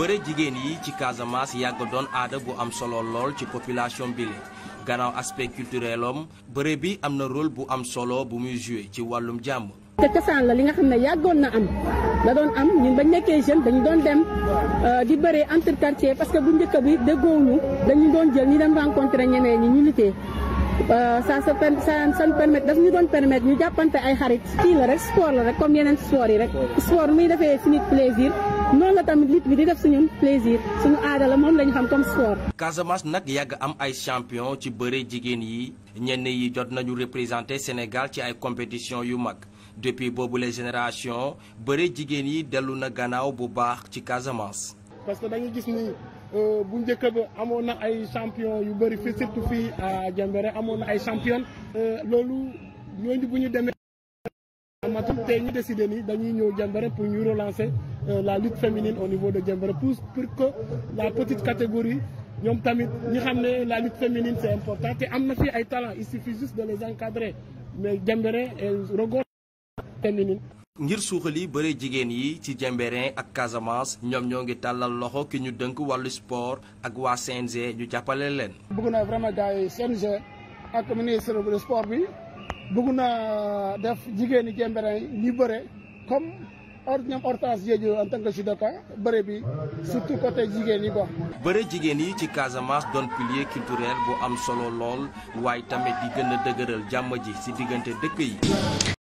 bëre jigéen yi ci Casamance yàgg doon aada bu am solo lool ci population bile gannaaw aspect culturel am bëre bi am na rôle bu am solo bu muy joué ci wàllum jàmm. te cosaan la li nga xam ne yàggoon na am la doon am ñun bañ nekkee jeune dañu doon dem euh, di bëree entre quartier parce que bu njëkk bi déggoowuñu dañu doon jël ñi dem rencontré ñeneen ñi ñu luttee euh, ça se ça ça permettre ñu doon permettre ñu jàppante ay xarit. kii rek sport la rek comme yeneen sport yi rek. sport muy defee suñu plaisir. noonu la tamit lutte bi di def suñu plaisir suñu aada moom lañu xam comme sport. Casamance nag yàgg am ay champion ci bëre jigéen yi ñenn yi jot nañu représenté Sénégal ci ay compétition yu mag depuis boobu les génération bëre jigéen yi dellu na gannaaw bu baax ci Casamance. parce que dañu gis ni euh, bu njëkk ba amoon na ay champion yu bëri fii surtout fii à amoon na ay champion euh, loolu ñooñu bu ñu demee. amatu te ñu décidé ni dañuy ñëw Jembere pour ñu Euh, la lutte féminine au niveau de Djembra Pousse pour que la petite catégorie ñoom tamit ñi xam ne la lutte féminine c'est important te am na fi ay talent il suffit juste de les encadrer mais Djembra est regorge féminine ngir suuxali bëre jigéen yi ci Diembéring ak Casamance ñoom ñoo ngi tàllal loxo ki ñu dënk wàllu sport ak waa CNG ñu jàppale leen. bëgg naa vraiment gars yi CNG ak ministre de sport bi bëgg naa def jigéen yi Diembéring yi ñu bëre comme. or ñoom hortense Diédio en tant que judoka bëre côté jigéen yi quoi. bëre jigéen yi ci Casamance doon pilier culturel bu am solo lool waaye tamit di gën a dëgëral jàmm ji ci diggante dëkk yi.